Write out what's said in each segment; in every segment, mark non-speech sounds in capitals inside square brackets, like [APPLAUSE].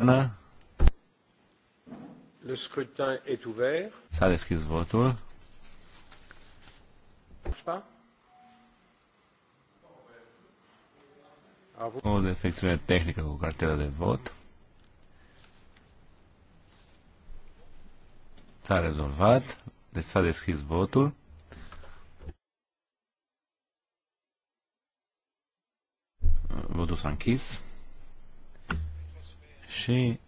Le scrutin est ouvert. S-a deschis votul. Pas? O defecțiune tehnică cu cartela de vot. S-a rezolvat, deci s-a deschis votul. Votul s-a închis și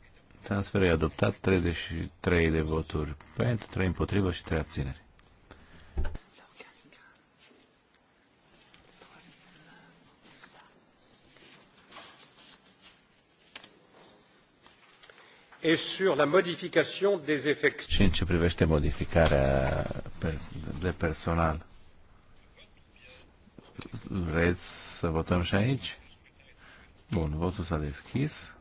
transferul e adoptat 33 de voturi pentru, 3 împotrivă și 3 abțineri. et sur la modification des effectifs. Și în ce privește modificarea de personal. Vreți să votăm și aici? Bun, votul s-a deschis.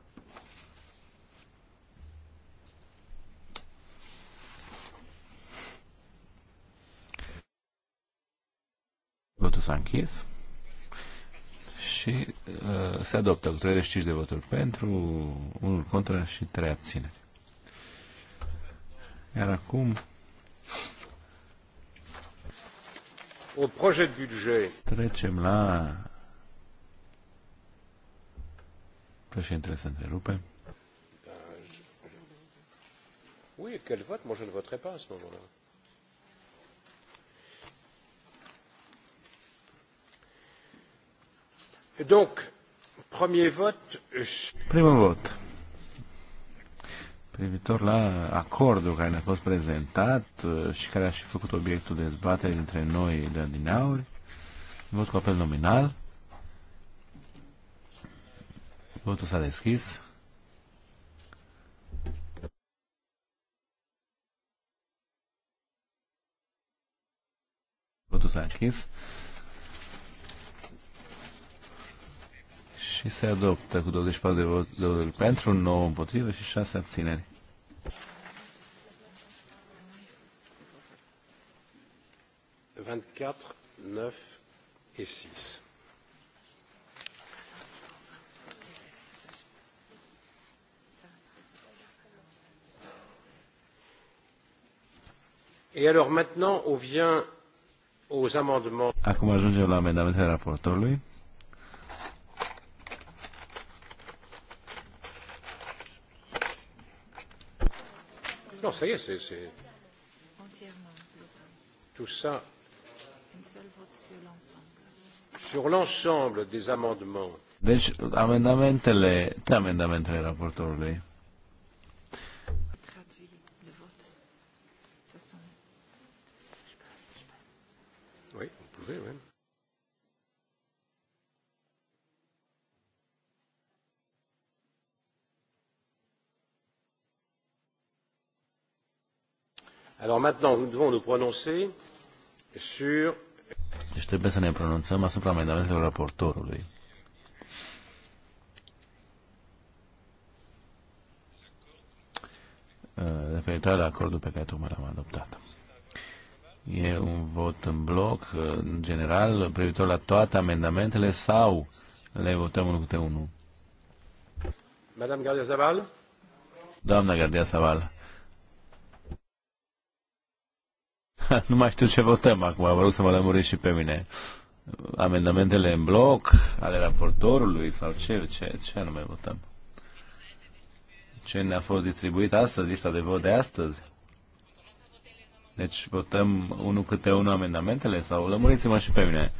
Votul s-a închis și uh, se adoptă cu 35 de voturi pentru, unul contra și trei abțineri. Iar acum au projet budget. Trecem la președintele să întrerupe. Oui, quel vote? Moi, je ne voterai pas à ce moment-là. vot... Primul vot privitor la acordul care ne-a fost prezentat uh, și care a și făcut obiectul dezbaterii dintre noi de adineauri, vot cu apel nominal, votul s-a deschis, votul s-a închis, și se adoptă cu 24 de voturi pentru, 9 împotrivă și 6 abțineri. et alors maintenant, on vient aux amendements. Acum ajungem la amendamentele raportorului. Non, ça y est, c'est... Entièrement. Tout ça. Un seul vote sur l'ensemble. Sur l'ensemble des amendements. Deci, amendamentele, toate amendamentele raportorului. Alors maintenant, nous devons nous prononcer sur... Deci trebuie să ne pronunțăm asupra amendamentelor raportorului. Uh, referitoare la acordul pe care tocmai l-am adoptat. E un vot în bloc, uh, în general, privitor la toate amendamentele sau le votăm unul câte unul? Madame Gardia Zaval? Doamna Gardia Zaval. [LAUGHS] nu mai știu ce votăm acum, vă rog să mă lămuriți și pe mine. Amendamentele în bloc, ale raportorului sau ce, ce, ce anume votăm? Ce ne-a fost distribuit astăzi, lista de vot de astăzi? Deci votăm unul câte unul amendamentele sau lămuriți-mă și pe mine.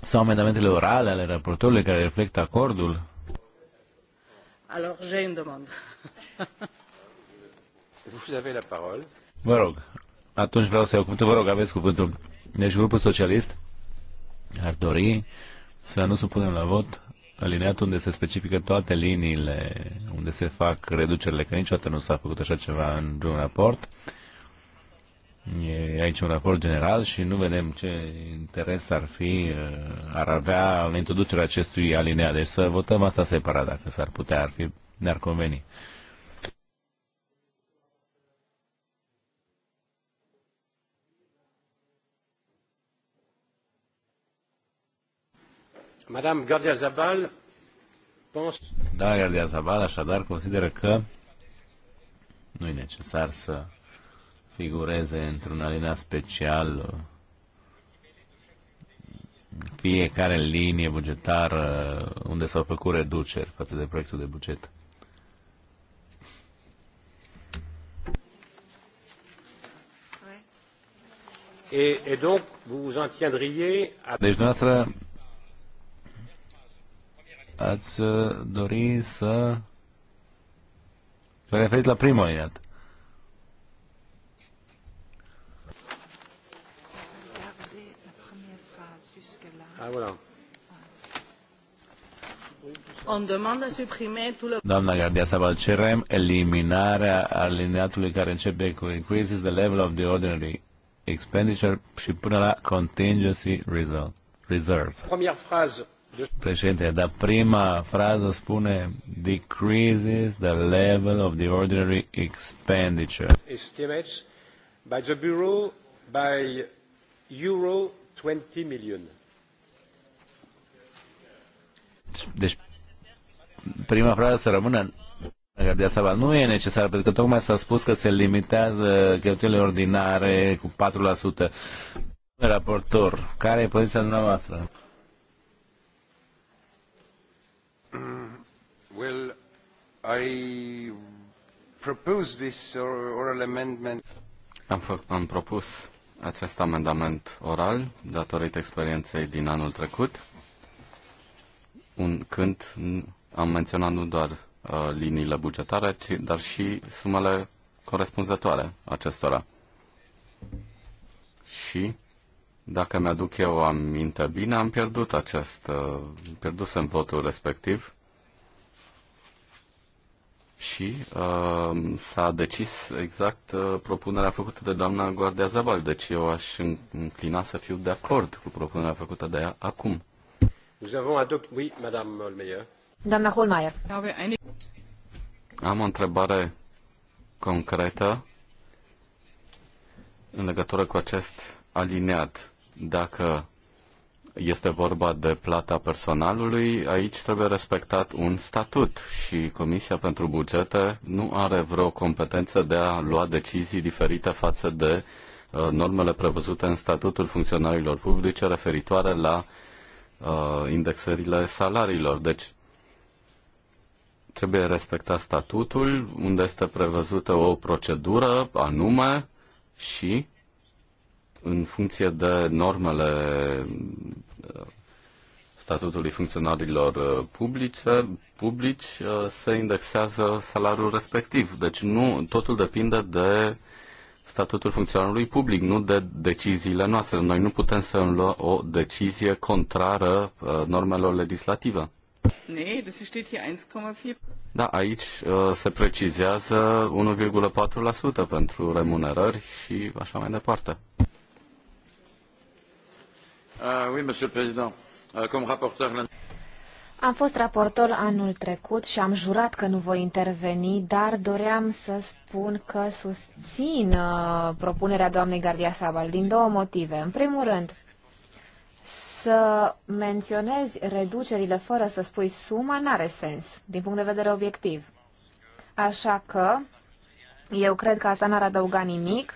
Sau amendamentele orale ale raportorului care reflectă acordul? Alors, j'ai une demande. Vous avez la parole. Vă rog, atunci vreau să iau cuvântul. Vă rog, aveți cuvântul. Deci grupul socialist ar dori să nu supunem la vot alineat unde se specifică toate liniile, unde se fac reducerile, că niciodată nu s-a făcut așa ceva în un raport. E aici un raport general și nu vedem ce interes ar fi, uh, ar avea în introducerea acestui alineat. Deci să votăm asta separat, dacă s-ar putea, ar fi, ne-ar conveni. Madame Gardia Zabal pense... Da, Gardia Zabal așadar consideră că nu e necesar să figureze într-un alina special fiecare linie bugetară unde s-au făcut reduceri față de proiectul de buget. Et, et donc, vous vous en tiendriez à... Deci, noastră ați uh, dori să vă referiți la primul alineat. Ah, Doamna Gardia Sabal, cerem eliminarea alineatului care începe cu increases the level of the ordinary expenditure și până la contingency reserve. Première phrase Președinte, dar prima frază spune decreases the level of the ordinary expenditure. Estimates by the Bureau by euro 20 million. Deci, prima frază să rămână de asta nu e necesar, pentru că tocmai s-a spus că se limitează cheltuielile ordinare cu 4%. Raportor, care e poziția dumneavoastră? [CLEARS THROAT] well, I propose this oral amendment. Am, fă- am propus acest amendament oral datorită experienței din anul trecut, un, când am menționat nu doar uh, liniile bugetare, ci, dar și sumele corespunzătoare acestora. Și dacă mi-aduc eu aminte bine, am pierdut acest, uh, pierdusem votul respectiv și uh, s-a decis exact uh, propunerea făcută de doamna Guardia Zabal, deci eu aș înclina să fiu de acord cu propunerea făcută de ea acum. Oui, Holmeyer. Doamna Holmeier. Am o întrebare concretă în legătură cu acest aliniat dacă este vorba de plata personalului, aici trebuie respectat un statut și Comisia pentru Bugete nu are vreo competență de a lua decizii diferite față de uh, normele prevăzute în statutul funcționarilor publice referitoare la uh, indexările salariilor. Deci trebuie respectat statutul unde este prevăzută o procedură anume și în funcție de normele uh, statutului funcționarilor uh, publice, publici uh, se indexează salariul respectiv. Deci nu, totul depinde de statutul funcționarului public, nu de deciziile noastre. Noi nu putem să luăm o decizie contrară normelor legislative. Nee, das steht hier 1,4. Da, aici se precizează 1,4% pentru remunerări și așa mai departe. Euh, euh, am fost raportor anul trecut și am jurat că nu voi interveni, dar doream să spun că susțin uh, propunerea doamnei Gardia Sabal din două motive. În primul rând, să menționezi reducerile fără să spui suma n-are sens, din punct de vedere obiectiv. Așa că eu cred că asta n-ar adăuga nimic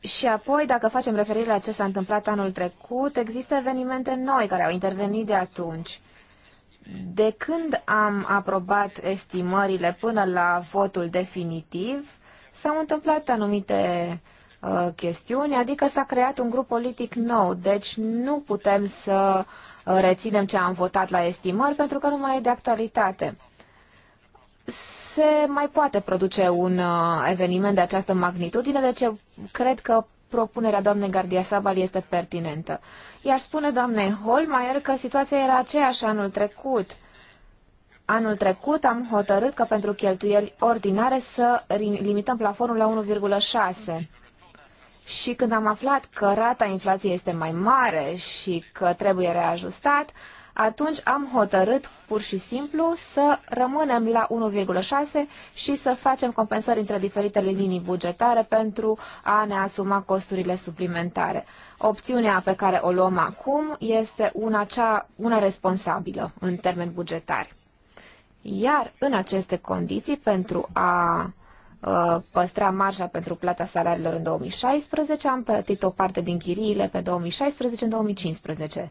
și apoi, dacă facem referire la ce s-a întâmplat anul trecut, există evenimente noi care au intervenit de atunci. De când am aprobat estimările până la votul definitiv, s-au întâmplat anumite uh, chestiuni, adică s-a creat un grup politic nou, deci nu putem să uh, reținem ce am votat la estimări pentru că nu mai e de actualitate se mai poate produce un uh, eveniment de această magnitudine, deci eu cred că propunerea doamnei Gardia Sabal este pertinentă. I-aș spune doamnei Holmeier că situația era aceeași anul trecut. Anul trecut am hotărât că pentru cheltuieli ordinare să limităm plafonul la 1,6. Și când am aflat că rata inflației este mai mare și că trebuie reajustat, atunci am hotărât pur și simplu să rămânem la 1,6 și să facem compensări între diferitele linii bugetare pentru a ne asuma costurile suplimentare. Opțiunea pe care o luăm acum este una, cea, una responsabilă în termeni bugetari. Iar în aceste condiții, pentru a ă, păstra marja pentru plata salariilor în 2016, am plătit o parte din chiriile pe 2016 în 2015.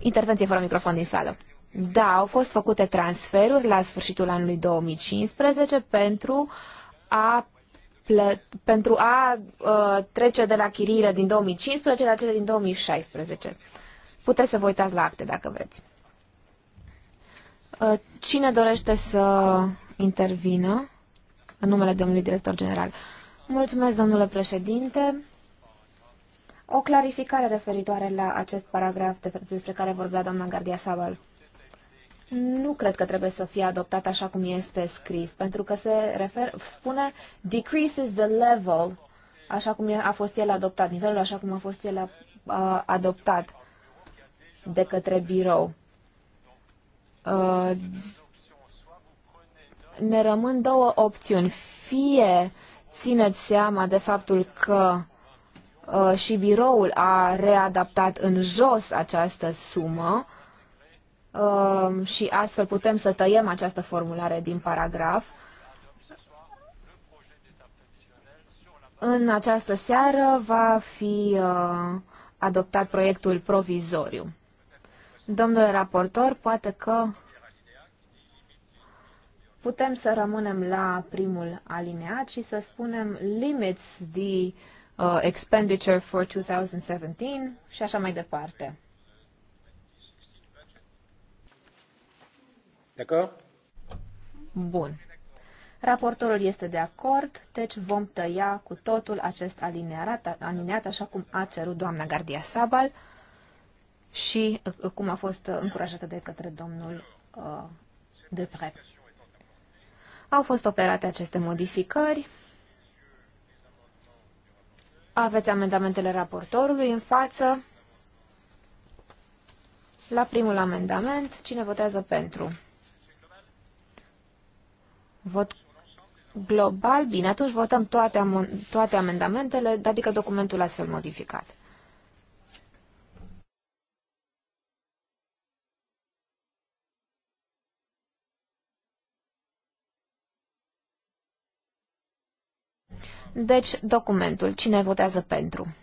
Intervenție fără microfon din sală. Da, au fost făcute transferuri la sfârșitul anului 2015 pentru a pentru a uh, trece de la chiriile din 2015 la cele din 2016. Puteți să vă uitați la acte dacă vreți. Uh, cine dorește să intervină în numele domnului director general? Mulțumesc, domnule președinte o clarificare referitoare la acest paragraf de, despre care vorbea doamna Gardia Sabal. Nu cred că trebuie să fie adoptat așa cum este scris, pentru că se refer, spune decreases the level, așa cum a fost el adoptat, nivelul așa cum a fost el a, uh, adoptat de către birou. A, uh, ne rămân două opțiuni. Fie țineți seama de faptul că Uh, și biroul a readaptat în jos această sumă uh, și astfel putem să tăiem această formulare din paragraf. În această seară va fi uh, adoptat proiectul provizoriu. Domnule raportor, poate că putem să rămânem la primul alineat și să spunem limits uh, Uh, expenditure for 2017 și așa mai departe. D'accord? Bun. Raportorul este de acord, deci vom tăia cu totul acest alineat, alineat așa cum a cerut doamna Gardia Sabal și uh, cum a fost uh, încurajată de către domnul uh, Depre. Au fost operate aceste modificări. Aveți amendamentele raportorului în față. La primul amendament, cine votează pentru? Vot global? Bine, atunci votăm toate, am toate amendamentele, adică documentul astfel modificat. Deci, documentul. Cine votează pentru?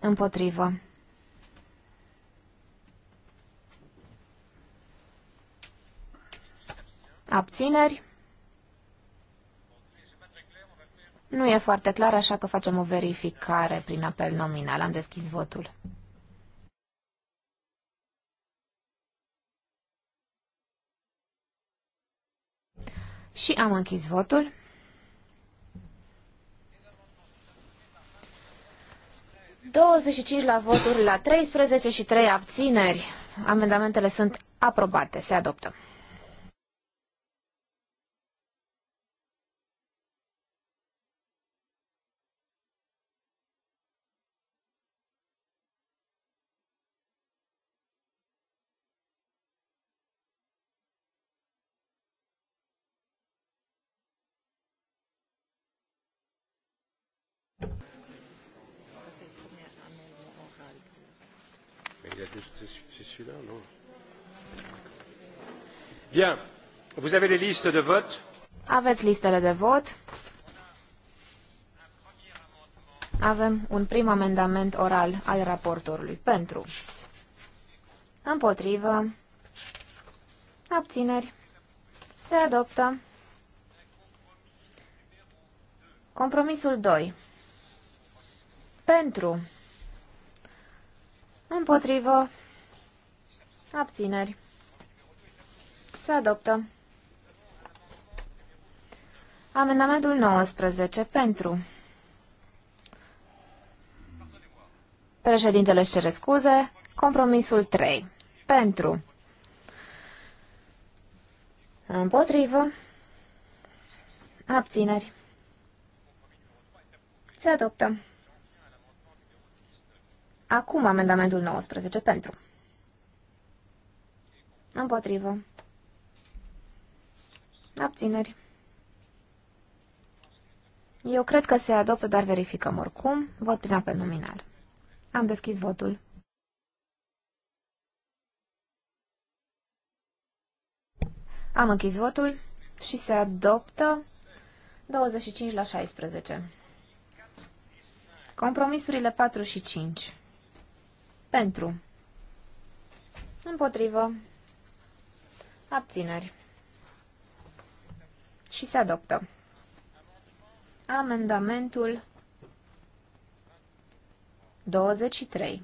Împotrivă. Abțineri? Nu e foarte clar, așa că facem o verificare prin apel nominal. Am deschis votul. Și am închis votul. 25 la voturi la 13 și 3 abțineri. Amendamentele sunt aprobate. Se adoptă. Bien. Vous avez les listes de vote. Aveți listele de vot. Avem un prim amendament oral al raportorului. Pentru. Împotrivă. Abțineri. Se adoptă. Compromisul 2. Pentru. Împotrivă. Abțineri. Se adoptă. Amendamentul 19. Pentru. Președintele își cere scuze. Compromisul 3. Pentru. Împotrivă. Abțineri. Se adoptă. Acum amendamentul 19 pentru. Împotrivă. Abțineri. Eu cred că se adoptă, dar verificăm oricum. Vot prin apel nominal. Am deschis votul. Am închis votul și se adoptă 25 la 16. Compromisurile 4 și 5. Pentru. Împotrivă. Abțineri și se adoptă. Amendamentul 23.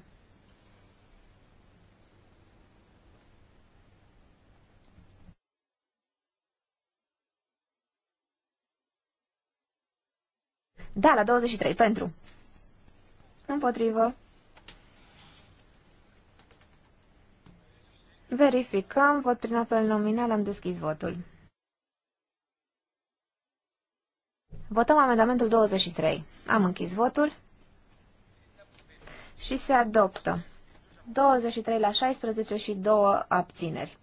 Da, la 23, pentru. Împotrivă. Verificăm, vot prin apel nominal, am deschis votul. Votăm amendamentul 23. Am închis votul și se adoptă. 23 la 16 și 2 abțineri.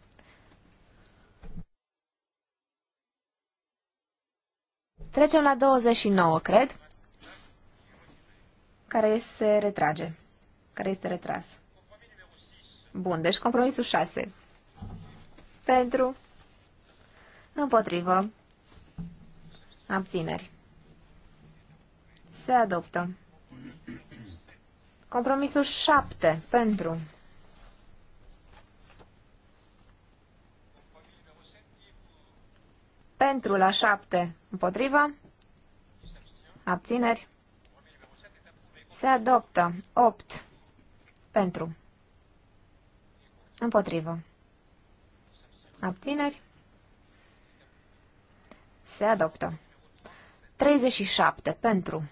Trecem la 29, cred, care se retrage, care este retras. Bun, deci compromisul 6. Pentru, împotrivă, abțineri. Se adoptă. Compromisul 7 pentru. Pentru la 7 împotriva. Abțineri. Se adoptă 8 pentru. Împotrivă. Abțineri. Se adoptă. 37 pentru.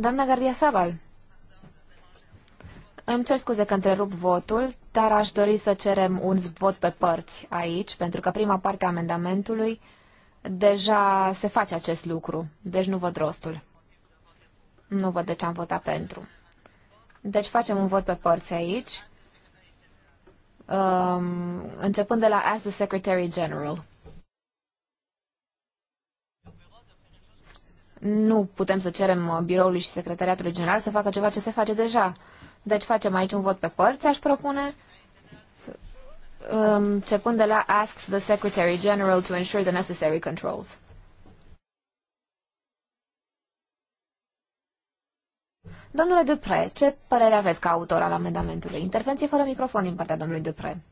Doamna Gardia Sabal, îmi cer scuze că întrerup votul, dar aș dori să cerem un vot pe părți aici, pentru că prima parte a amendamentului deja se face acest lucru, deci nu văd rostul. Nu văd de ce am votat pentru. Deci facem un vot pe părți aici, um, începând de la As the Secretary General. nu putem să cerem uh, biroului și secretariatului general să facă ceva ce se face deja. Deci facem aici un vot pe părți, aș propune, um, începând de la asks the Secretary General to ensure the necessary controls. Domnule Dupre, ce părere aveți ca autor al amendamentului? Intervenție fără microfon din partea domnului Dupre.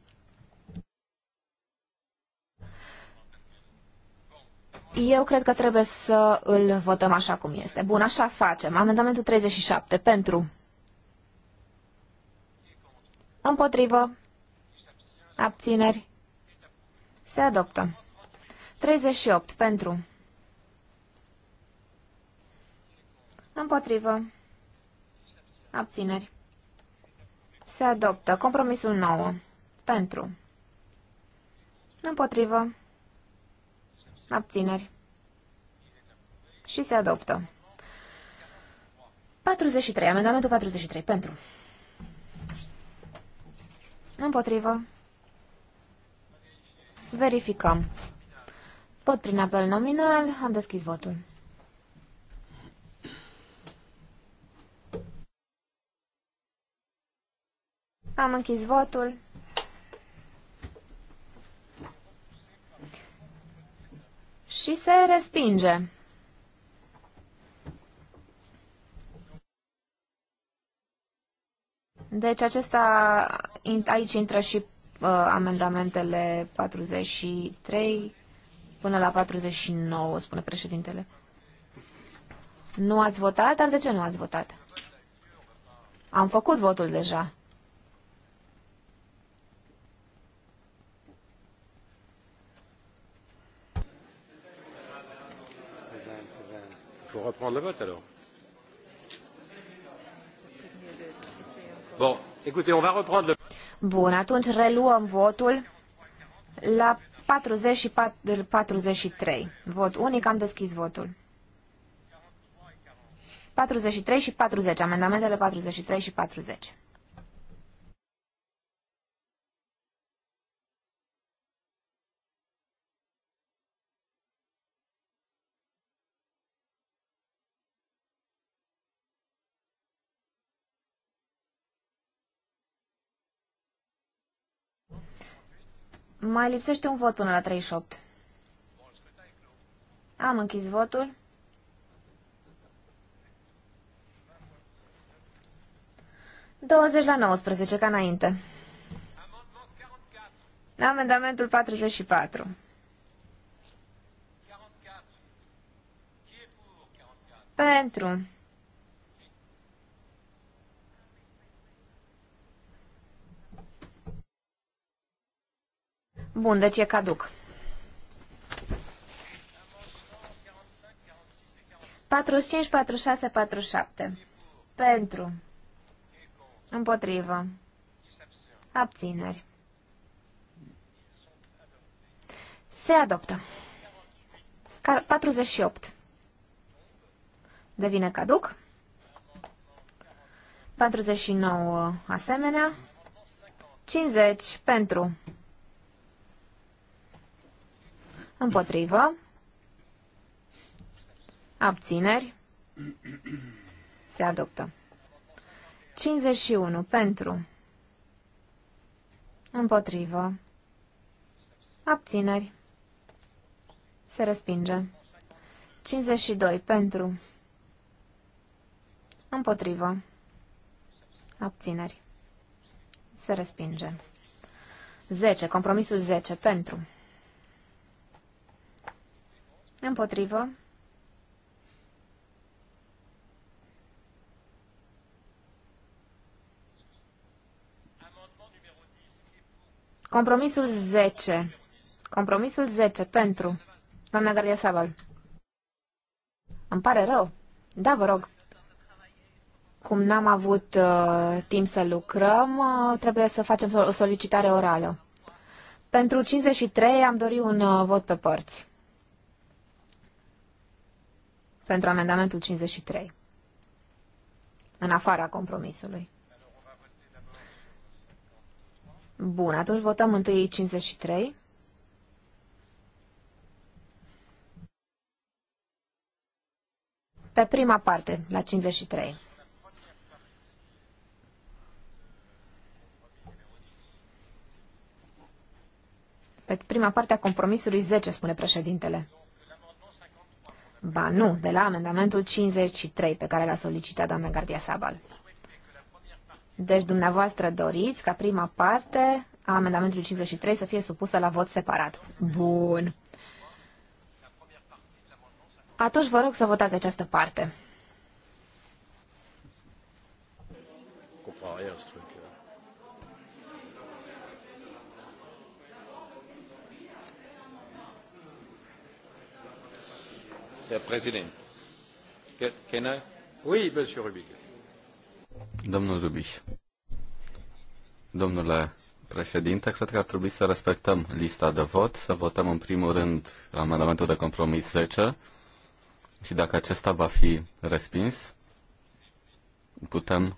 Eu cred că trebuie să îl votăm așa cum este. Bun, așa facem. Amendamentul 37. Pentru. Împotrivă. Abțineri. Se adoptă. 38. Pentru. Împotrivă. Abțineri. Se adoptă. Compromisul 9. Pentru. Împotrivă abțineri și se adoptă. 43, amendamentul 43, pentru. Împotrivă. Verificăm. Pot prin apel nominal, am deschis votul. Am închis votul. și se respinge. Deci acesta, aici intră și uh, amendamentele 43 până la 49, spune președintele. Nu ați votat? Dar de ce nu ați votat? Am făcut votul deja. pour reprendre le vote alors. Bon, écoutez, on va reprendre le... Bun, atunci reluăm votul la 44, 43. Vot unic, am deschis votul. 43 și 40, amendamentele 43 și 40. Mai lipsește un vot până la 38. Am închis votul. Douăzeci la 19, ca înainte. Amendamentul 44. Pentru. Bun, deci e caduc. 45, 46, 47. Pentru. Împotrivă. Abțineri. Se adoptă. 48. Devine caduc. 49 asemenea. 50 pentru. Împotrivă. Abțineri. Se adoptă. 51. Pentru. Împotrivă. Abțineri. Se respinge. 52. Pentru. Împotrivă. Abțineri. Se respinge. 10. Compromisul 10. Pentru. Împotrivă. Compromisul 10. Compromisul 10 pentru. Doamna Gardia Saval. Îmi pare rău. Da, vă rog. Cum n-am avut uh, timp să lucrăm, uh, trebuie să facem o solicitare orală. Pentru 53 am dorit un uh, vot pe părți pentru amendamentul 53, în afara compromisului. Bun, atunci votăm întâi 53. Pe prima parte, la 53. Pe prima parte a compromisului 10, spune președintele. Ba nu, de la amendamentul 53 pe care l-a solicitat doamna Gardia Sabal. Deci dumneavoastră doriți ca prima parte a amendamentului 53 să fie supusă la vot separat. Bun. Atunci vă rog să votați această parte. Herr Präsident. Domnule președinte, cred că ar trebui să respectăm lista de vot, să votăm în primul rând amendamentul de compromis 10 și dacă acesta va fi respins, putem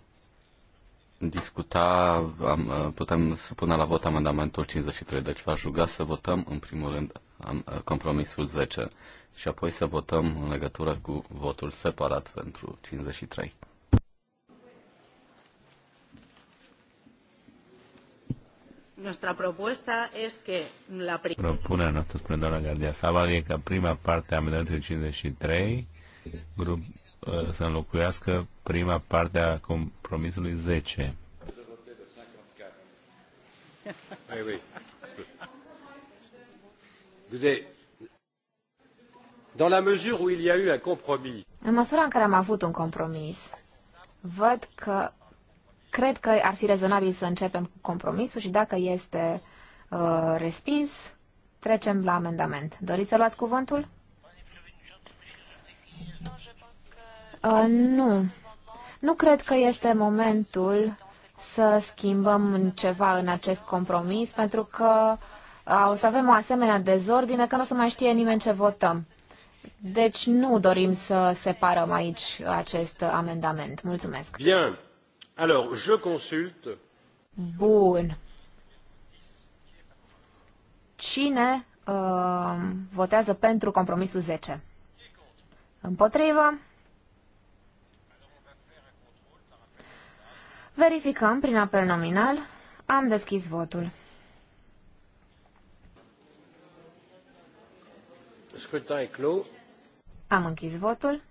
discuta, putem supune la vot amendamentul 53. Deci v-aș ruga să votăm în primul rând Uh, compromisul 10 și apoi să votăm în legătură cu votul separat pentru 53. Nuestra propuesta es que la primera... Propunerea noastră, spune doamna Gardia Saval, e ca prima parte a amendamentului 53 grup, uh, să înlocuiască prima parte a compromisului 10. Oui, oui. În măsura în care am avut un compromis, văd că cred că ar fi rezonabil să începem cu compromisul și dacă este uh, respins, trecem la amendament. Doriți să luați cuvântul? Uh, nu. Nu cred că este momentul să schimbăm ceva în acest compromis, pentru că uh, o să avem o asemenea dezordine că nu o să mai știe nimeni ce votăm. Deci nu dorim să separăm aici acest amendament. Mulțumesc. Bien. Alors, je consulte. Bun. Cine uh, votează pentru compromisul 10? Împotrivă? Verificăm prin apel nominal. Am deschis votul. Scrutin e clos. Am închis votul.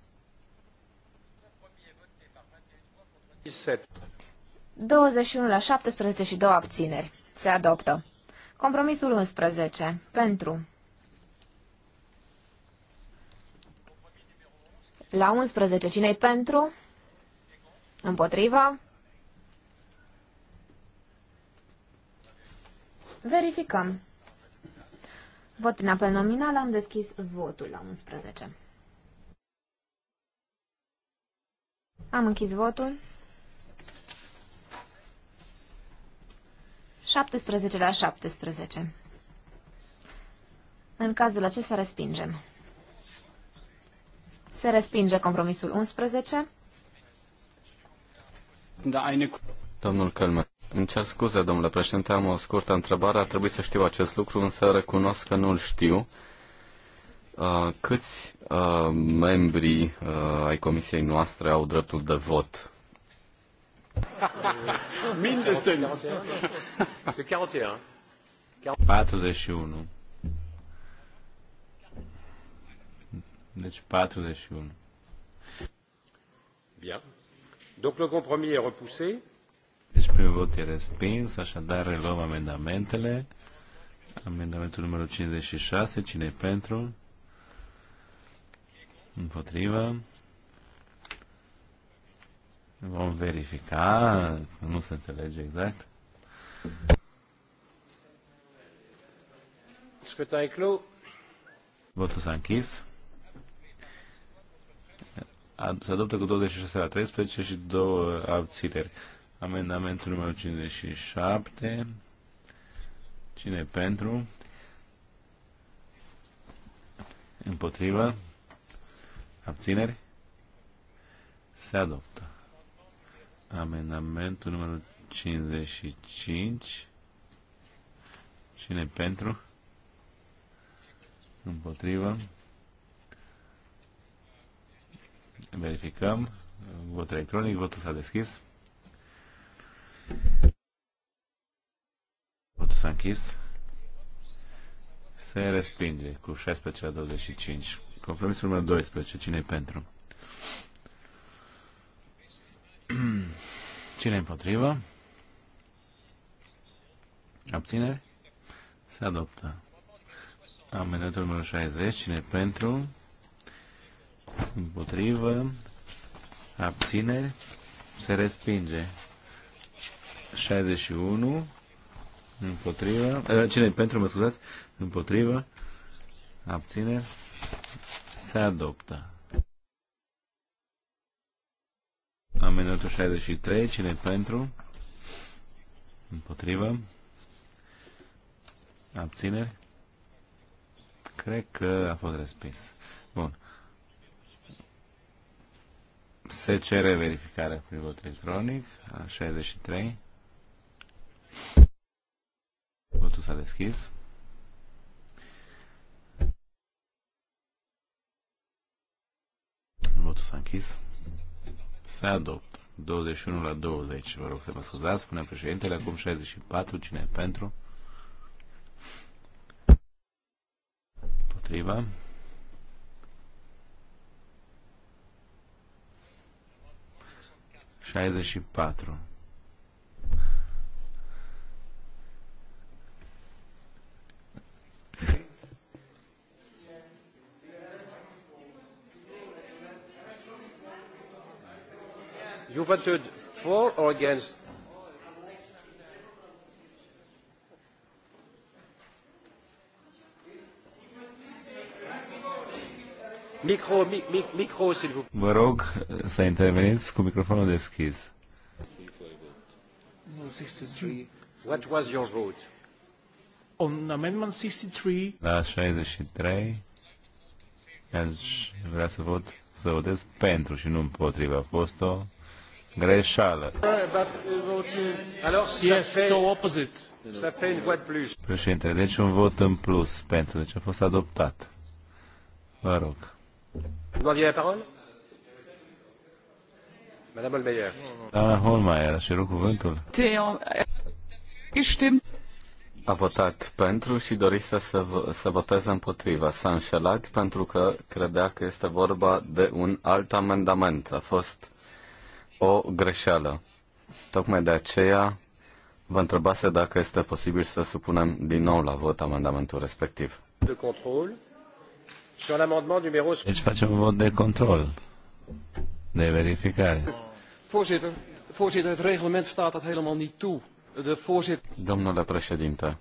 21 la 17 și 2 abțineri. Se adoptă. Compromisul 11. Pentru. La 11. Cine-i pentru? Împotriva? Verificăm. Vot prin apel nominal, am deschis votul la 11. Am închis votul. 17 la 17. În cazul acesta respingem. Se respinge compromisul 11. Da, Domnul Călmă. Îmi cer scuze, domnule președinte, am o scurtă întrebare. Ar trebui să știu acest lucru, însă recunosc că nu-l știu. Uh, câți uh, membri uh, ai comisiei noastre au dreptul de vot? [LAUGHS] Mindestens. 41. Deci 41. Bien. Donc le compromis est repoussé. Deci primul vot e respins, așadar reluăm amendamentele. Amendamentul numărul 56, cine e pentru? Împotrivă. Vom verifica, nu se înțelege exact. Votul s-a închis. Se adoptă cu 26 la 13 și două abțineri. Amendamentul numărul 57. Cine pentru? Împotrivă? Abțineri? Se adoptă. Amendamentul numărul 55. Cine pentru? Împotrivă? Verificăm. Vot electronic. Votul s-a deschis. Votul s-a închis. Se respinge cu 16 la 25. Compromisul numărul 12. Cine-i pentru? [CLEARS THROAT] Cine împotrivă? abține Se adoptă. Amendamentul numărul 60. Cine pentru? Împotrivă? abține Se respinge. 61 împotriva, eh, cine pentru, mă scuzați, împotriva, abțineri, se adoptă. Amendamentul 63, cine pentru, împotriva, abțineri, cred că a fost respins. Bun. Se cere verificarea prin vot electronic, 63. Votul s-a deschis. Votul s-a închis. Se adoptă. 21 la 20. Vă rog să mă scuzați, spune președintele. Acum 64. Cine e pentru? Potriva. Șaizeci și patru. You voted for or against? Micro, mic, mic, micro, s'il vous Vă rog să interveniți cu microfonul deschis. 63. What was your vote? On amendment 63. La 63. Aș vrea să vot, să votez pentru și nu împotriva. A fost o greșeală. Președinte, deci un vot în plus pentru, ce deci a fost adoptat. Vă rog. Doamna da, Holmeier, a rog cuvântul. A votat pentru și dori să, se, să voteze împotriva. S-a înșelat pentru că credea că este vorba de un alt amendament. A fost o greșeală. Tocmai de aceea vă întrebase dacă este posibil să supunem din nou la vot amendamentul respectiv. De control. Sur l'amendement numéro... Deci facem vot de control, de verificare. Voorzitter, voorzitter, het reglement staat dat helemaal niet toe. De voorzitter... Domnule președinte,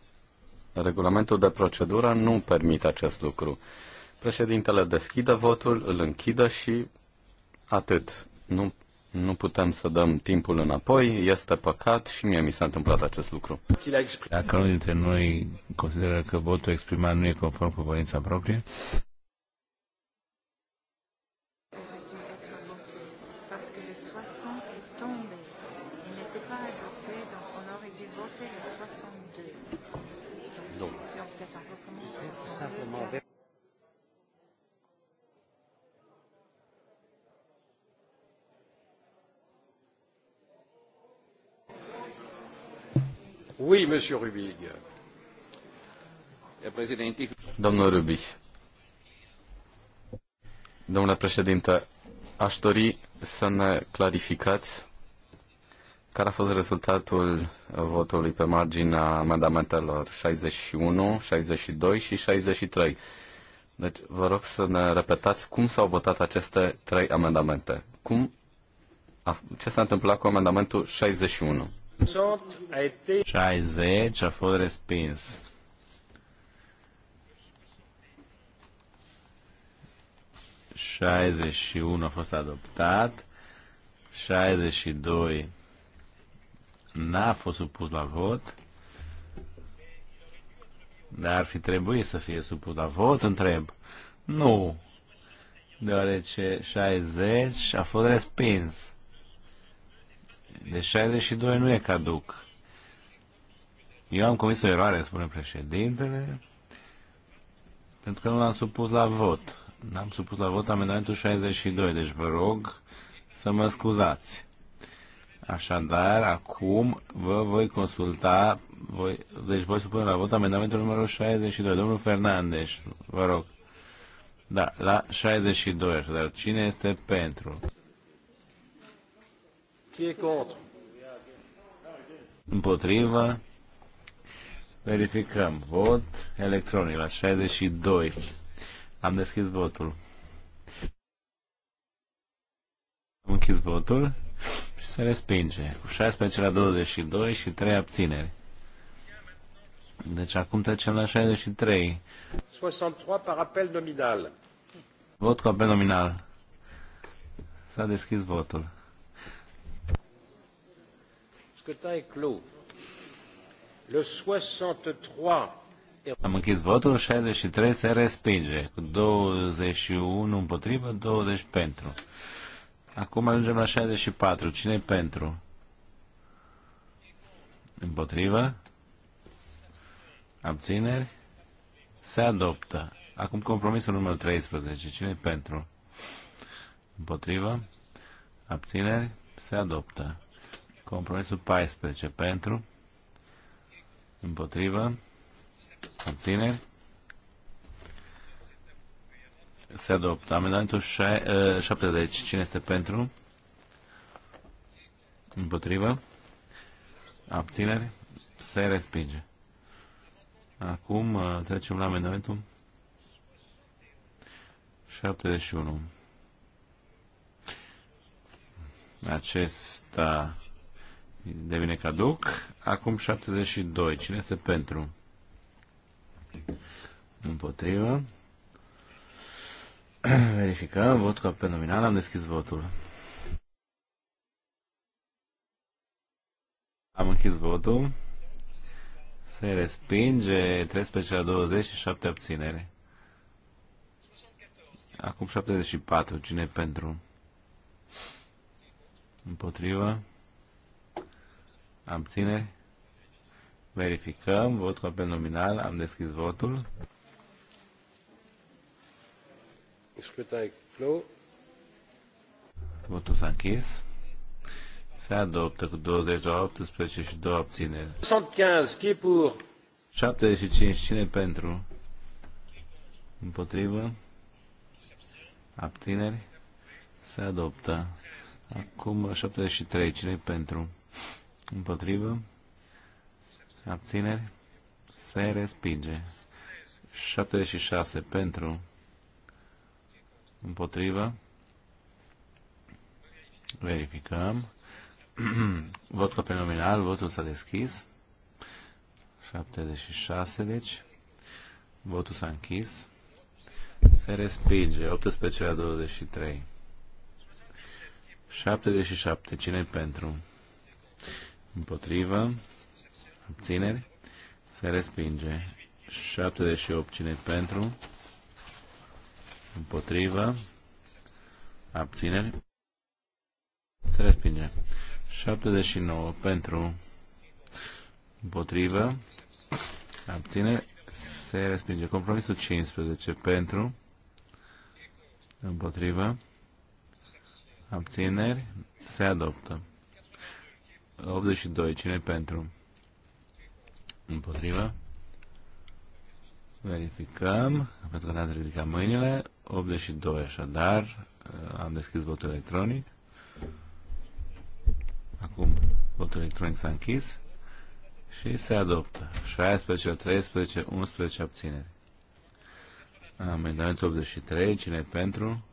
regulamentul de procedură nu permite acest lucru. Președintele deschide votul, îl închide și atât. Nu nu putem să dăm timpul înapoi, este păcat și mie mi s-a întâmplat acest lucru. Dacă unul dintre noi consideră că votul exprimat nu e conform cu voința proprie, Oui, Monsieur Rubig. Domnul Rubic. Domnule președinte, aș dori să ne clarificați care a fost rezultatul votului pe marginea amendamentelor 61, 62 și 63. Deci vă rog să ne repetați cum s-au votat aceste trei amendamente. Cum a, ce s-a întâmplat cu amendamentul 61? 60 a fost respins. și a fost adoptat, 62 n-a fost supus la vot, dar ar fi trebuit să fie supus la vot, întreb. Nu, deoarece 60 a fost respins. De deci 62 nu e caduc. Eu am comis o eroare, spune președintele, pentru că nu l-am supus la vot. N-am supus la vot amendamentul 62, deci vă rog să mă scuzați. Așadar, acum vă voi consulta, voi, deci voi supune la vot amendamentul numărul 62. Domnul Fernandez, vă rog. Da, la 62, Dar cine este pentru? Qui est contre? Împotriva. Verificăm. Vot electronic la 62. Am deschis votul. Am închis votul și se respinge. Cu 16 la 22 și 3 abțineri. Deci acum trecem la 63. 63 par apel nominal. Vot cu apel nominal. S-a deschis votul scrutin est clos. Le 63 am închis votul, 63 se respinge, cu 21 împotrivă, 20 pentru. Acum ajungem la 64. cine e pentru? Împotrivă? Abțineri? Se adoptă. Acum compromisul numărul 13. cine e pentru? Împotrivă? Abțineri? Se adoptă. Compromisul 14 pentru, împotrivă, abțineri. Se adoptă. Amendamentul 70. Cine este pentru? Împotrivă? Abțineri? Se respinge. Acum trecem la amendamentul 71. Acesta devine caduc. Acum 72. Cine este pentru? Împotrivă. [CLEARS THROAT] Verificăm. Vot cu apel nominal. Am deschis votul. Am închis votul. Se respinge 13 la 27 abținere. Acum 74. Cine pentru? Împotrivă. Am ține. Verificăm. Vot pe nominal. Am deschis votul. Votul s-a închis. Se adoptă cu 20 la 18 și 2 abțineri. 75, cine pentru? Împotrivă? Abțineri? Se adoptă. Acum 73, cine pentru? Împotrivă. Abțineri. Se respinge. 76 pentru. Împotrivă. Verificăm. [CLEARS THROAT] Vot pe nominal. Votul s-a deschis. 76, deci. Votul s-a închis. Se respinge. 18 la 23. 77. Cine pentru? împotrivă, abțineri, se respinge. 78 cine pentru, împotrivă, abțineri, se respinge. 79 pentru, împotrivă, abțineri, se respinge. Compromisul 15 pentru, împotrivă, abțineri, se adoptă. 82. Cine pentru? Împotriva. Verificăm. Pentru că ne ați ridicat mâinile. 82 așadar. Uh, am deschis votul electronic. Acum votul electronic s-a închis și se adoptă. 16, 13, 11 abțineri. Amendamentul 83. Cine pentru?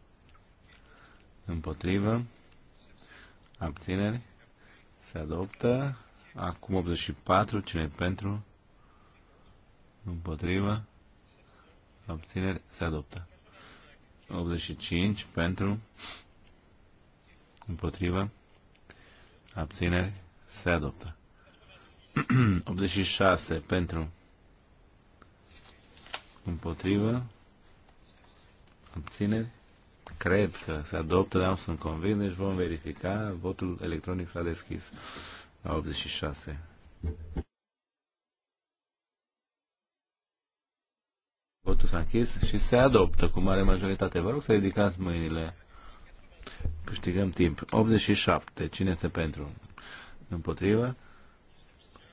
Împotrivă? Abțineri? Se adoptă. Acum 84. Cine pentru? Împotrivă. Abțineri. Se adoptă. 85. Pentru. Împotrivă. Abțineri. Se adoptă. 86. [CLEARS THROAT] Pentru. Împotrivă. Abțineri. Cred că se adoptă, dar nu sunt convins, deci vom verifica. Votul electronic s-a deschis la 86. Votul s-a închis și se adoptă cu mare majoritate. Vă rog să ridicați mâinile. Câștigăm timp. 87. Cine este pentru? Împotrivă?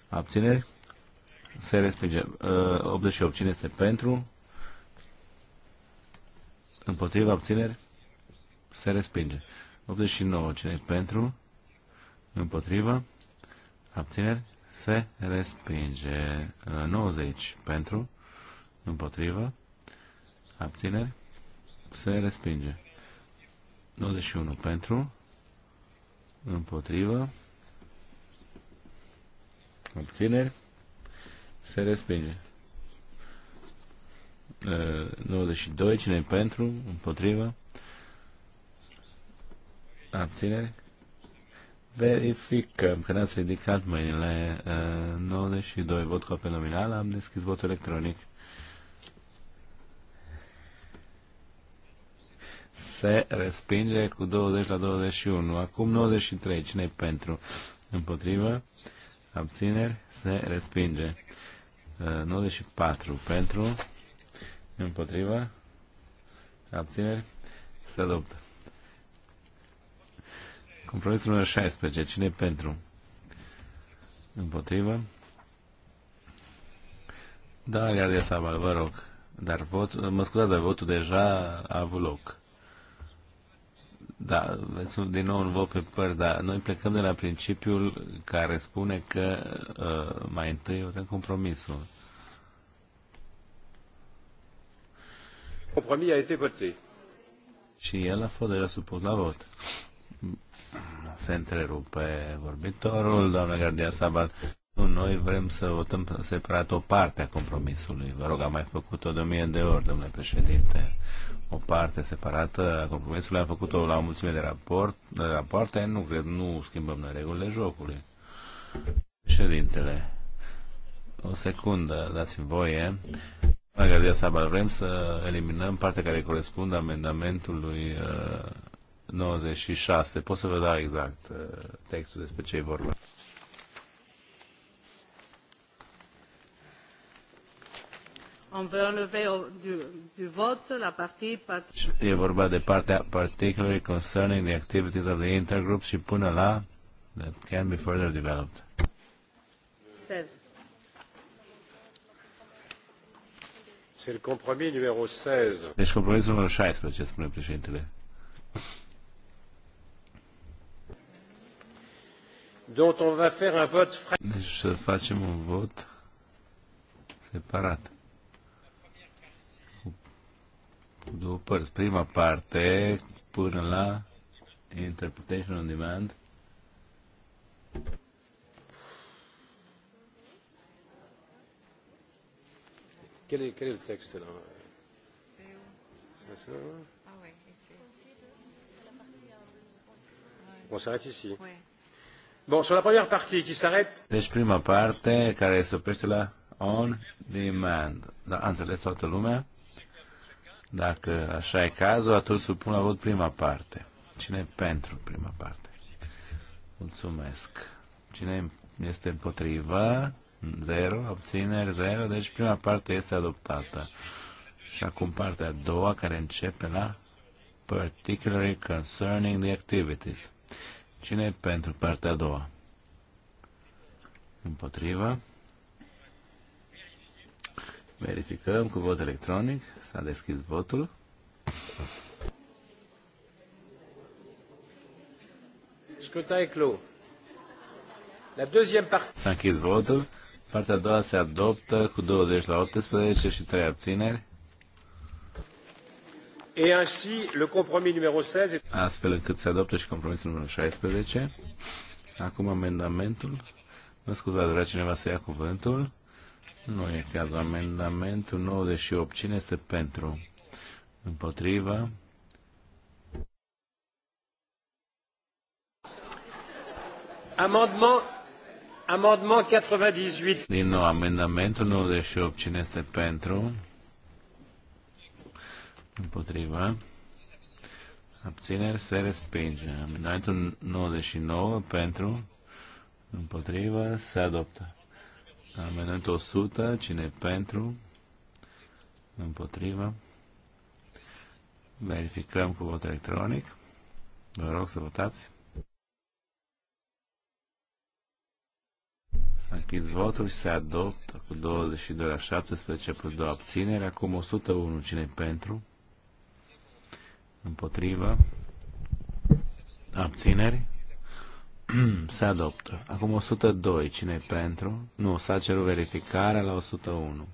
Abțineri? Se respinge. 88. Uh, Cine este pentru? Împotriva abțineri se respinge. 89. Cine pentru? Împotriva. Abțineri se respinge. 90. Pentru? Împotriva. Abțineri se respinge. 91. Pentru? Împotriva. Abțineri se respinge. 92, uh, cine pentru, împotrivă, abținere. Verificăm că ne-ați ridicat mâinile. 92, uh, vot cu apel nominal, am deschis votul electronic. Se respinge cu 20 la 21. Acum 93, cine pentru? Împotrivă, abțineri, se respinge. 94 uh, pentru, Împotriva. Abțineri. Se adoptă. Compromisul numărul 16. Cine pentru? Împotriva. Da, Galia Sabal, vă rog. Dar vot, mă scuzați, dar votul deja a avut loc. Da, veți din nou un vot pe păr, dar noi plecăm de la principiul care spune că uh, mai întâi votăm compromisul. Compromis a été voté. Și el a fost deja supus la vot. Se întrerupe vorbitorul, doamna Gardia Sabal. Nu, noi vrem să votăm separat o parte a compromisului. Vă rog, am mai făcut-o de o mie de ori, domnule președinte. O parte separată a compromisului am făcut-o la o mulțime de, raport, de rapoarte. Nu cred, nu schimbăm noi regulile jocului. Președintele, o secundă, dați-mi voie Doamna Gardia Sabal, vrem să eliminăm partea care corespunde amendamentului 96. Uh, Pot să vă dau exact uh, textul despre ce e vorba. On veut enlever du, du vote la partie... E vorba de partea particularly concerning the activities of the intergroup și până la that can be further developed. 16. Deci compromisul numărul 16, spune președintele. Dont on va faire un vote Deci să facem un vot separat. Cu două părți. Prima parte până la Interpretation on Demand. Quel est, quel est le texte là ah On s'arrête ici. Bon, sur la première partie qui s'arrête. Deci prima parte care se oprește la on demand. Da, a înțeles toată lumea? Dacă așa e cazul, atunci supun la vot prima parte. Cine e pentru prima parte? Mulțumesc. Cine este împotriva? 0, abțineri, 0, deci prima parte este adoptată. Și acum partea a doua care începe la particularly concerning the activities. Cine e pentru partea a doua? Împotriva. Verificăm cu vot electronic. S-a deschis votul. Scrutin clos. La deuxième partie. S-a închis votul. Partea a doua se adoptă cu 20 la 18 și 3 abțineri. Et ainsi, le compromis numéro 16... Astfel încât se adoptă și compromisul numărul 16. Acum amendamentul. Mă scuzați, vrea cineva să ia cuvântul? Nu e cazul. Amendamentul 98. Cine este pentru? Împotriva? Amendement Amendament 98. Din nou, amendamentul 98. Cine este pentru? Împotriva. Abțineri se respinge. Amendamentul 99 pentru. Împotriva se adoptă. Amendamentul 100. Cine pentru? Împotriva. Verificăm cu vot electronic. Vă rog să votați. închis votul și se adoptă cu 22 la 17 plus 2 abțineri, Acum 101. Cine pentru? Împotrivă? Abțineri? [CLEARS THROAT] se adoptă. Acum 102. cine pentru? Nu, s-a cerut verificarea la 101.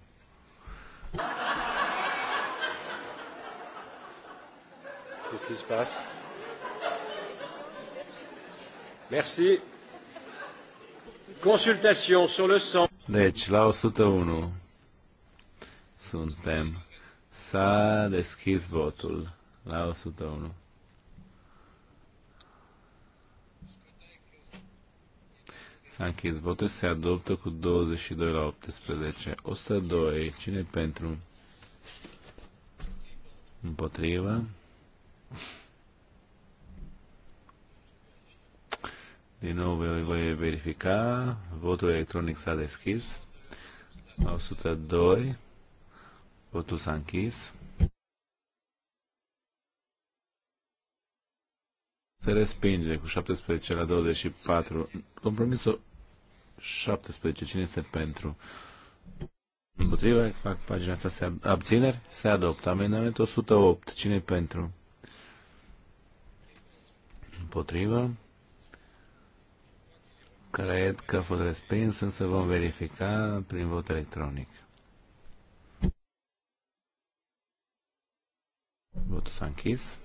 Merci. Deci, la 101 suntem. S-a deschis votul la 101. S-a închis votul, se adoptă cu 22 la 18. 102. Cine pentru? Împotrivă. Din nou voi verifica. Votul electronic s-a deschis. 102. Votul s-a închis. Se respinge cu 17 la 24. Compromisul 17. Cine este pentru? Împotriva, fac pagina asta, se abțineri, se adoptă. Amendamentul 108. Cine pentru? Împotriva. Cred că a fost respins, însă vom verifica prin vot electronic. Votul s-a închis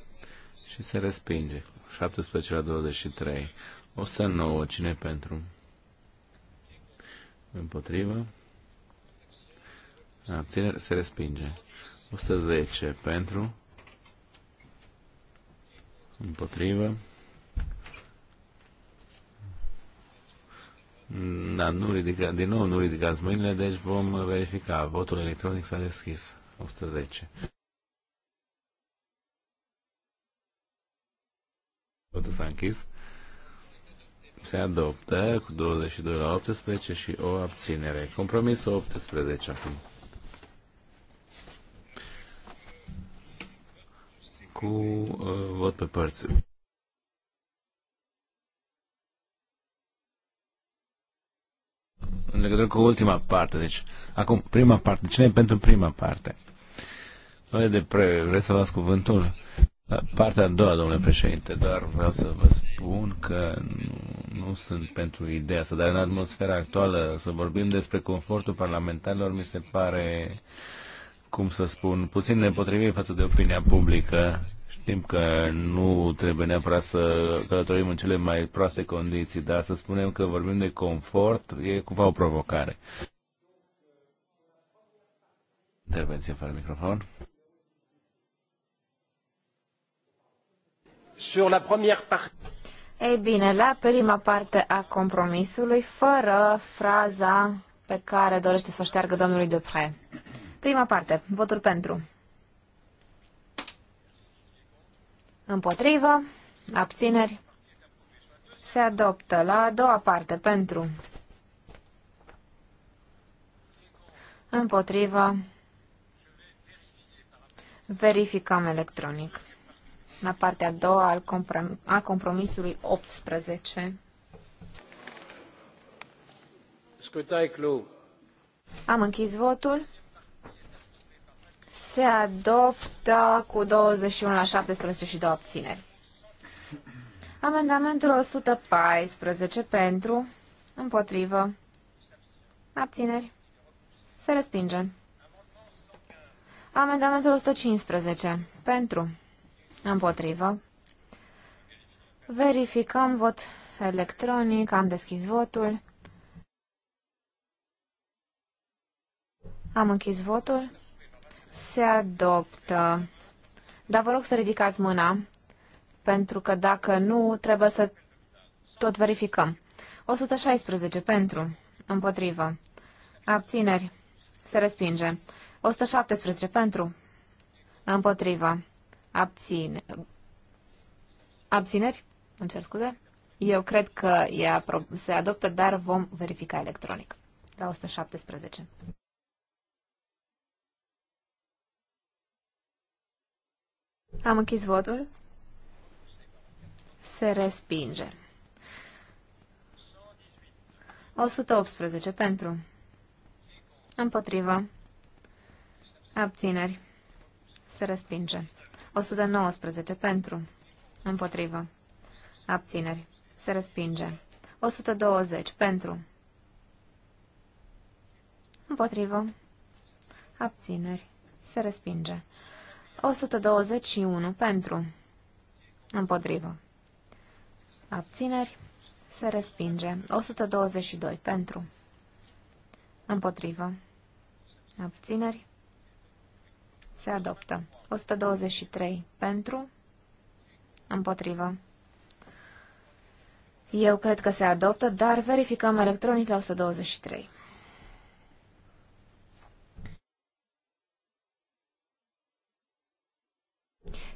și se respinge. 17 la 23. 109. Cine pentru? Împotrivă. Abținere. Se respinge. 110. Pentru. Împotrivă. Da, nu ridica, din nou nu ridicați mâinile, deci vom verifica. Votul electronic s-a deschis. 110. Votul s-a închis. Se adoptă cu 22 la 18 și o abținere. Compromisul 18 acum. Cu uh, vot pe părți. în legătură cu ultima parte. Deci, acum, prima parte. Cine e pentru prima parte? Noi de pre, vreți să luați cuvântul? Partea a doua, domnule președinte, doar vreau să vă spun că nu, nu sunt pentru ideea asta, dar în atmosfera actuală să vorbim despre confortul parlamentarilor mi se pare, cum să spun, puțin nepotrivit față de opinia publică Știm că nu trebuie neapărat să călătorim în cele mai proaste condiții, dar să spunem că vorbim de confort, e cumva o provocare. Intervenție fără microfon. Sur la première part... Ei bine, la prima parte a compromisului, fără fraza pe care dorește să o șteargă domnului Dupre. Prima parte, voturi pentru. Împotrivă. Abțineri. Se adoptă la a doua parte pentru. Împotrivă. Verificăm electronic. La partea a doua al comprom a compromisului 18. Am închis votul se adoptă cu 21 la 17 și 2 obțineri. Amendamentul 114 pentru, împotrivă, abțineri, se respinge. Amendamentul 115 pentru, împotrivă, verificăm vot electronic, am deschis votul, am închis votul. Se adoptă. Dar vă rog să ridicați mâna, pentru că dacă nu, trebuie să tot verificăm. 116 pentru, împotrivă. Abțineri. Se respinge. 117 pentru, împotrivă. Abține. Abțineri? Îmi cer scuze. Eu cred că se adoptă, dar vom verifica electronic. La 117. Am închis votul. Se respinge. 118 pentru. Împotrivă. Abțineri. Se respinge. 119 pentru. Împotrivă. Abțineri. Se respinge. 120 pentru. Împotrivă. Abțineri. Se respinge. 121 pentru. Împotrivă. Abțineri. Se respinge. 122 pentru. Împotrivă. Abțineri. Se adoptă. 123 pentru. Împotrivă. Eu cred că se adoptă, dar verificăm electronic la 123.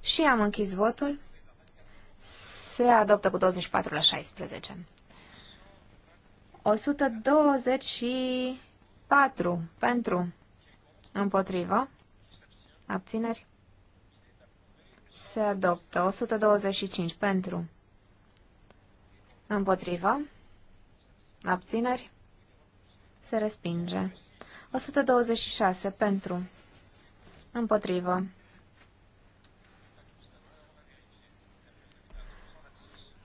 Și am închis votul. Se adoptă cu 24 la 16. 124 pentru împotrivă. Abțineri. Se adoptă. 125 pentru împotrivă. Abțineri. Se respinge. 126 pentru împotrivă.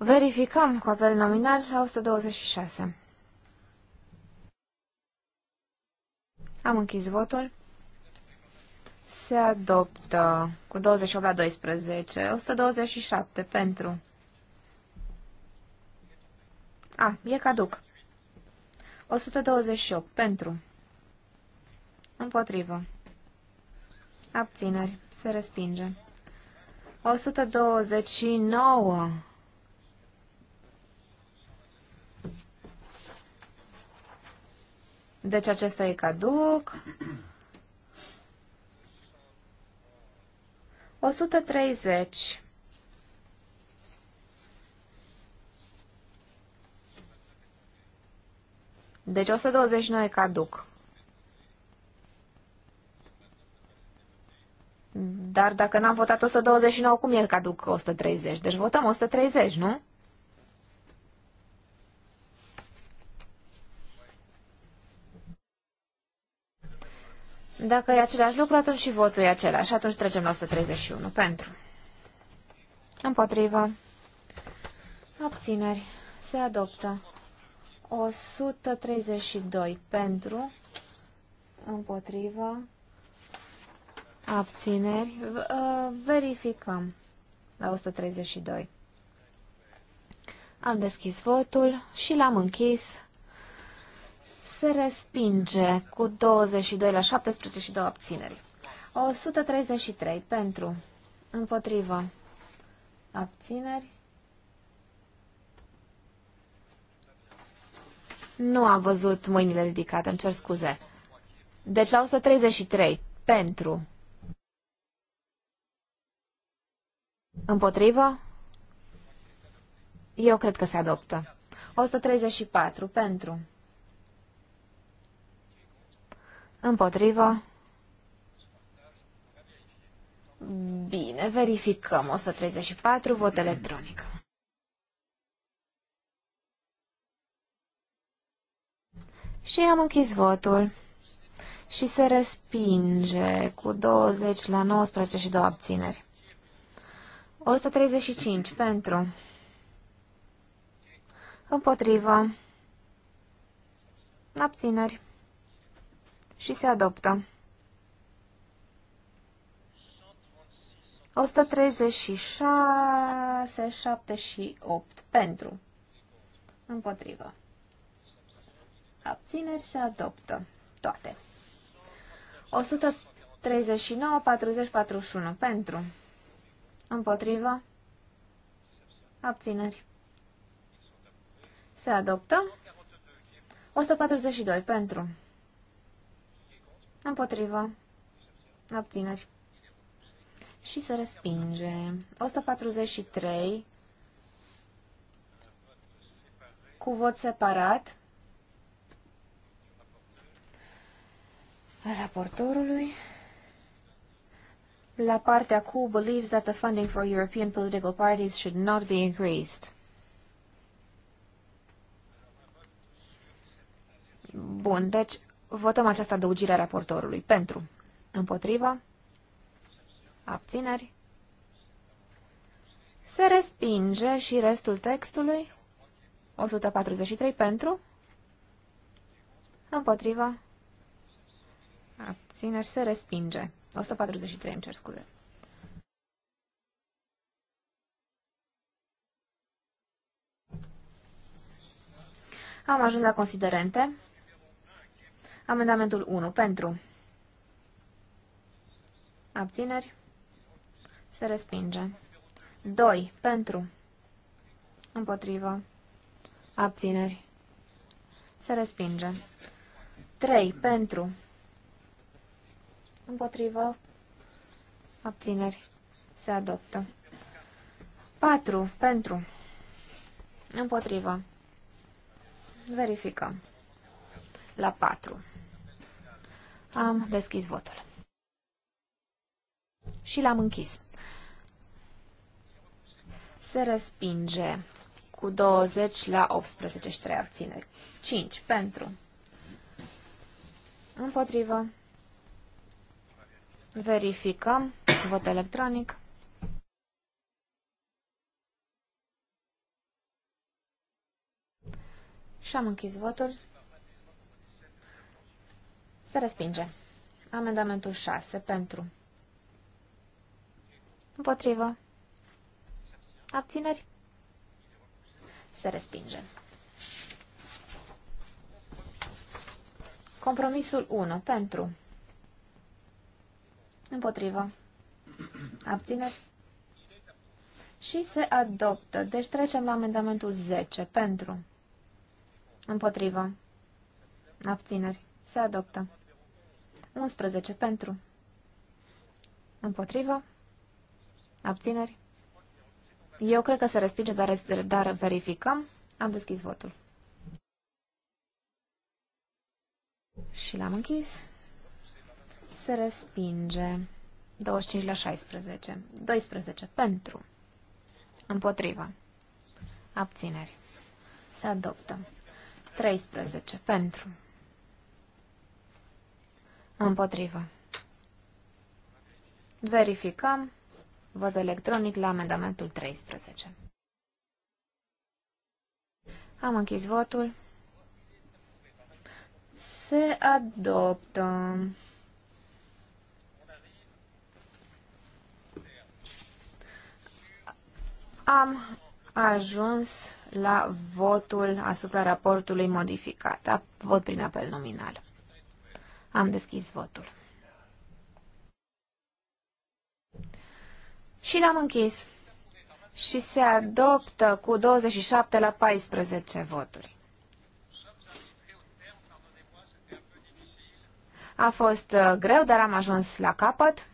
Verificăm cu apel nominal la 126. Am închis votul. Se adoptă cu 28 la 12. 127 pentru. A, e caduc. 128 pentru. Împotrivă. Abțineri. Se respinge. 129 Deci acesta e caduc. 130. Deci 129 e caduc. Dar dacă n-am votat 129, cum e caduc 130? Deci votăm 130, nu? Dacă e același lucru, atunci și votul e același. Atunci trecem la 131. Pentru. Împotrivă. Abțineri. Se adoptă. 132 pentru, împotrivă, abțineri. Uh, verificăm la 132. Am deschis votul și l-am închis se respinge cu 22 la 17 și 2 abțineri. 133 pentru, împotrivă, abțineri. Nu am văzut mâinile ridicate, îmi cer scuze. Deci la 133, pentru. Împotrivă? Eu cred că se adoptă. 134, pentru. Împotrivă? Bine, verificăm. 134, vot electronic. Și am închis votul. Și se respinge cu 20 la 19 și 2 abțineri. 135 pentru. Împotrivă. Abțineri și se adoptă. 136, 7 și 8 pentru. Împotrivă. Abțineri se adoptă. Toate. 139, 40, 41 pentru. Împotrivă. Abțineri. Se adoptă. 142 pentru împotrivă, abțineri și se respinge. 143 cu vot separat al raportorului la partea cu believes that the funding for European political parties should not be increased. Bun, deci Votăm această adăugire a raportorului. Pentru. Împotriva. Abțineri. Se respinge și restul textului. 143 pentru. Împotriva. Abțineri se respinge. 143, îmi cer scuze. Am ajuns la considerente. Amendamentul 1 pentru. Abțineri. Se respinge. 2 pentru. Împotrivă. Abțineri. Se respinge. 3 pentru. Împotrivă. Abțineri. Se adoptă. 4 pentru. Împotrivă. Verificăm. La 4. Am deschis votul. Și l-am închis. Se respinge cu 20 la 18 și 3 abțineri. 5 pentru. Împotrivă. Verificăm. Vot electronic. Și am închis votul. Se respinge. Amendamentul 6 pentru. Împotrivă. Abțineri. Se respinge. Compromisul 1 pentru. Împotrivă. Abțineri. Și se adoptă. Deci trecem la amendamentul 10 pentru. Împotrivă. Abțineri. Se adoptă. 11 pentru. Împotrivă. Abțineri. Eu cred că se respinge, dar, dar verificăm. Am deschis votul. Și l-am închis. Se respinge. 25 la 16. 12 pentru. Împotrivă. Abțineri. Se adoptă. 13 pentru. Împotrivă. Verificăm. Văd electronic la amendamentul 13. Am închis votul. Se adoptă. Am ajuns la votul asupra raportului modificat. Vot prin apel nominal. Am deschis votul. Și l-am închis. Și se adoptă cu 27 la 14 voturi. A fost uh, greu, dar am ajuns la capăt.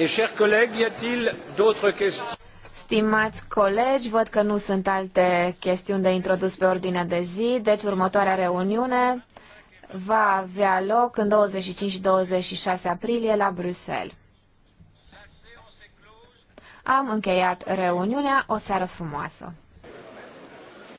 Et chers collègues, y a-t-il d'autres questions Stimați colegi, văd că nu sunt alte chestiuni de introdus pe ordinea de zi, deci următoarea reuniune va avea loc în 25 26 aprilie la Bruxelles. Am încheiat reuniunea, o seară frumoasă!